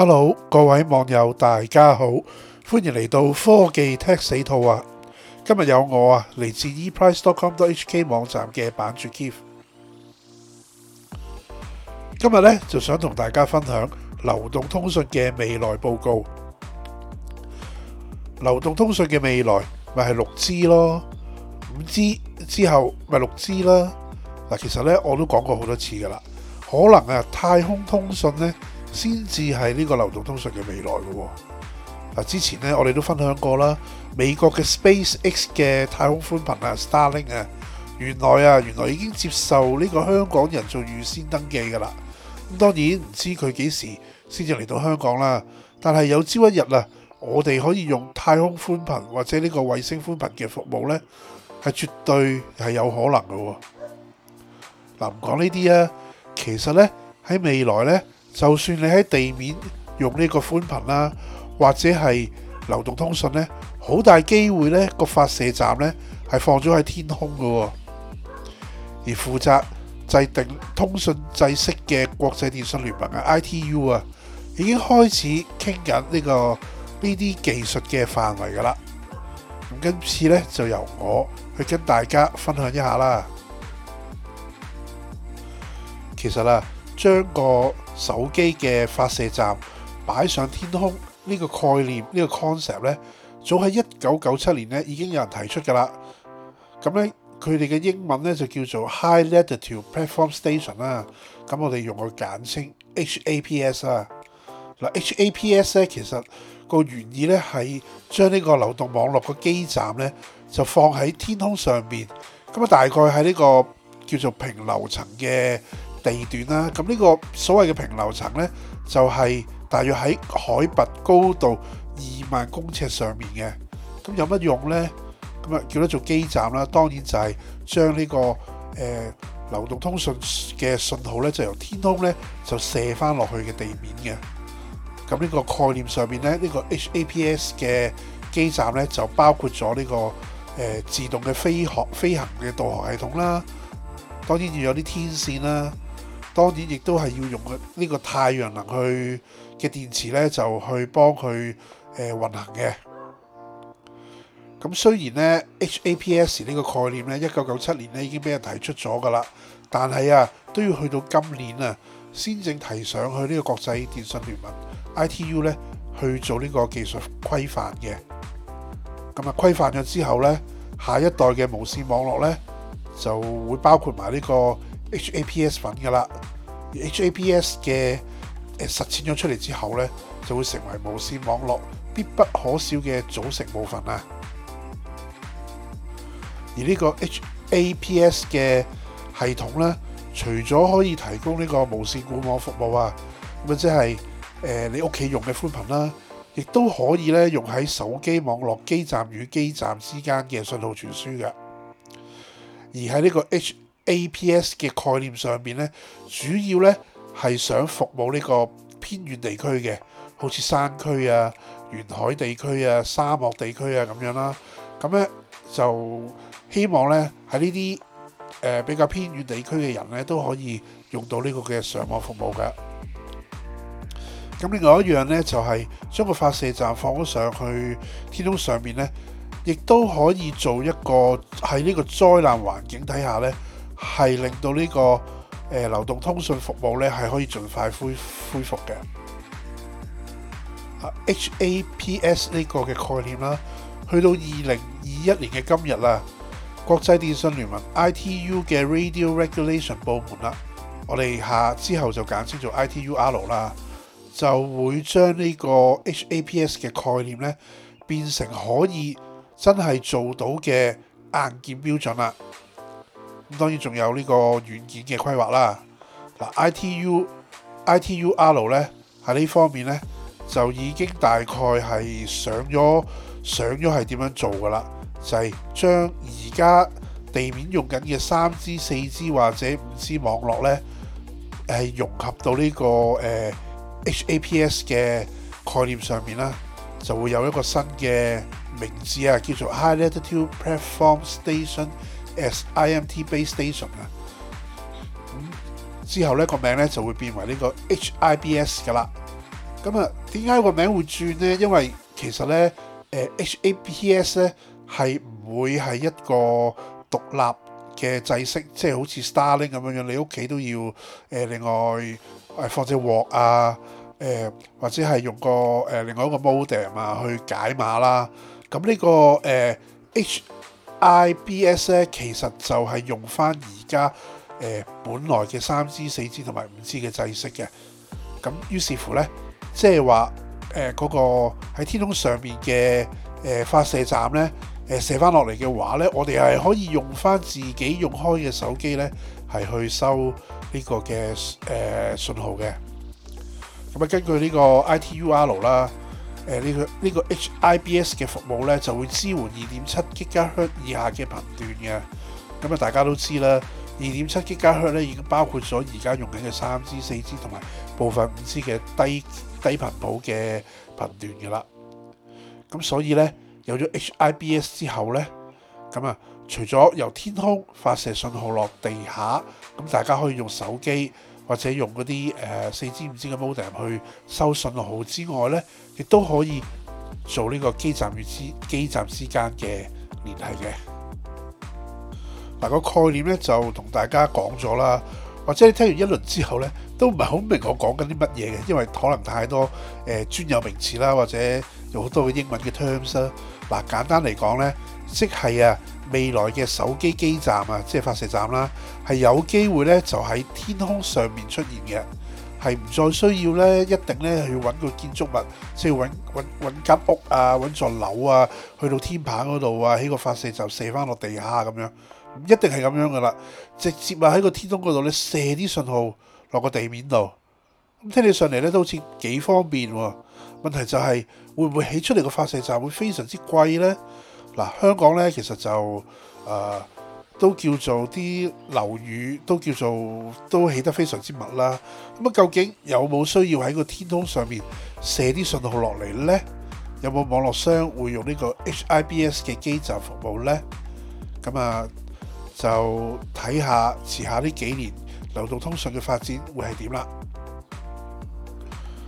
hello，各位網友大家好，歡迎嚟到科技踢死兔啊！今日有我啊，嚟自 eprice.com.hk 網站嘅版主 Keith，今日咧就想同大家分享流動通訊嘅未來報告。流動通訊嘅未來咪係六 G 咯，五 G 之後咪六 G 啦。嗱，其實咧我都講過好多次噶啦，可能啊太空通訊咧。先至係呢個流動通訊嘅未來咯喎。嗱，之前咧我哋都分享過啦，美國嘅 SpaceX 嘅太空寬頻啊，Starlink 啊，Starlink, 原來啊原來已經接受呢個香港人做預先登記噶啦。咁當然唔知佢幾時先至嚟到香港啦。但係有朝一日啊，我哋可以用太空寬頻或者呢個衛星寬頻嘅服務咧，係絕對係有可能噶。嗱、啊，唔講呢啲啊，其實咧喺未來咧。就算你喺地面用呢個寬頻啦，或者係流動通訊呢，好大機會呢個發射站呢係放咗喺天空噶，而負責制定通訊制式嘅國際電信聯盟嘅 ITU 啊，ITU, 已經開始傾緊呢個呢啲技術嘅範圍噶啦。咁今次呢，就由我去跟大家分享一下啦。其實啊，將個手機嘅發射站擺上天空呢、呢個概念呢、呢個 concept 咧，早喺一九九七年咧已經有人提出嘅啦。咁咧佢哋嘅英文咧就叫做 High Altitude Platform Station 啦。咁我哋用個簡稱 HAPS 啊。嗱 HAPS 咧其實個原意咧係將呢個流動網絡個基站咧就放喺天空上面。咁啊大概喺呢個叫做平流層嘅。地段啦，咁呢個所謂嘅平流層呢，就係、是、大約喺海拔高度二萬公尺上面嘅。咁有乜用呢？咁啊，叫咧做基站啦。當然就係將呢個誒、呃、流動通信嘅信號呢，就由天空呢，就射翻落去嘅地面嘅。咁呢個概念上面呢，呢、這個 HAPS 嘅基站呢，就包括咗呢、這個誒、呃、自動嘅飛航、飛行嘅導航系統啦。當然要有啲天線啦。當然，亦都係要用呢個太陽能去嘅電池咧，就去幫佢誒運行嘅。咁雖然咧 HAPS 呢個概念咧，一九九七年咧已經俾人提出咗噶啦，但係啊都要去到今年啊先正提上去呢個國際電信聯盟 ITU 咧去做呢個技術規範嘅。咁啊，規範咗之後咧，下一代嘅無線網絡咧就會包括埋呢個。HAPS 粉噶啦，而 HAPS 嘅誒、呃、實踐咗出嚟之後咧，就會成為無線網絡必不可少嘅組成部分啦。而呢個 HAPS 嘅系統咧，除咗可以提供呢個無線管網服務啊，咁、就是呃、啊即係誒你屋企用嘅寬頻啦，亦都可以咧用喺手機網絡基站與基站之間嘅信號傳輸嘅。而喺呢個 H APS 嘅概念上面咧，主要咧係想服務呢個偏遠地區嘅，好似山區啊、沿海地區啊、沙漠地區啊咁樣啦。咁咧就希望咧喺呢啲誒比較偏遠地區嘅人咧都可以用到呢個嘅上網服務嘅。咁另外一樣咧就係將個發射站放咗上去天空上面咧，亦都可以做一個喺呢個災難環境底下咧。係令到呢、這個、呃、流動通信服務咧係可以盡快恢恢復嘅。HAPS 呢個嘅概念啦，去到二零二一年嘅今日啦，國際電信聯盟 ITU 嘅 Radio Regulation 部門啦，我哋下之後就簡稱做 ITUR 啦，就會將呢個 HAPS 嘅概念咧變成可以真係做到嘅硬件標準啦。咁當然仲有呢個軟件嘅規劃啦。嗱，ITU ITUR、ITU-R 咧喺呢方面咧，就已經大概係上咗上咗係點樣做噶啦，就係將而家地面用緊嘅三 G、四 G 或者五 G 網絡咧，誒融合到呢、呢個誒、呃、HAPS 嘅概念上面啦，就會有一個新嘅名字啊，叫做 High Latitude Platform Station。S I M T base station 啊，咁、嗯、之後咧、這個名咧就會變為呢個 H I B S 噶啦。咁啊，點解個名字會轉咧？因為其實咧，誒、呃、H A P S 咧係唔會係一個獨立嘅制式，即、就、係、是、好似 Starling 咁樣樣，你屋企都要誒、呃、另外誒放隻鑊啊，誒、呃、或者係用個誒、呃、另外一個 modem 啊去解碼啦。咁呢、這個誒、呃、H IBS 咧，其實就係用翻而家誒本來嘅三 G、四 G 同埋五 G 嘅制式嘅，咁於是乎咧，即係話誒嗰個喺天空上面嘅誒、呃、發射站咧，誒、呃、射翻落嚟嘅話咧，我哋係可以用翻自己用開嘅手機咧，係去收呢個嘅誒訊號嘅。咁啊，根據呢個 ITU R 啦。誒、呢、呢個呢、呢個 HIBS 嘅服務咧，就會支援二點七吉加赫以下嘅頻段嘅。咁啊，大家都知啦，二點七吉加赫咧已經包括咗而家用緊嘅三 G、四 G 同埋部分五 G 嘅低低頻譜嘅頻段嘅啦。咁所以咧，有咗 HIBS 之後咧，咁啊，除咗由天空發射信號落地下，咁大家可以用手機。或者用嗰啲誒四 G 五 G 嘅 modem 去收信號之外咧，亦都可以做呢個基站與之基站之間嘅聯繫嘅。嗱、個概念咧就同大家講咗啦，或者你聽完一輪之後咧都唔係好明我講緊啲乜嘢嘅，因為可能太多誒專有名詞啦，或者。有好多嘅英文嘅 terms 啦，啊，嗱簡單嚟講呢，即係啊未來嘅手機基站啊，即係發射站啦，係有機會呢就喺天空上面出現嘅，係唔再需要呢一定呢去揾個建築物，即係揾揾間屋啊，揾座樓啊，去到天棚嗰度啊，喺個發射站射翻落地下咁樣，唔一定係咁樣噶啦，直接啊喺個天空嗰度呢射啲信號落個地面度，咁聽起上嚟呢，都好似幾方便喎，啊。問題就係、是、會唔會起出嚟個發射站會非常之貴呢？嗱，香港呢其實就誒都叫做啲樓宇，都叫做，都，叫做都起得非常之密啦。咁啊，究竟有冇需要喺個天空上面射啲信號落嚟呢？有冇網絡商會用呢個 HIBS 嘅基站服務呢？咁啊，就睇下遲下呢幾年流動通訊嘅發展會係點啦。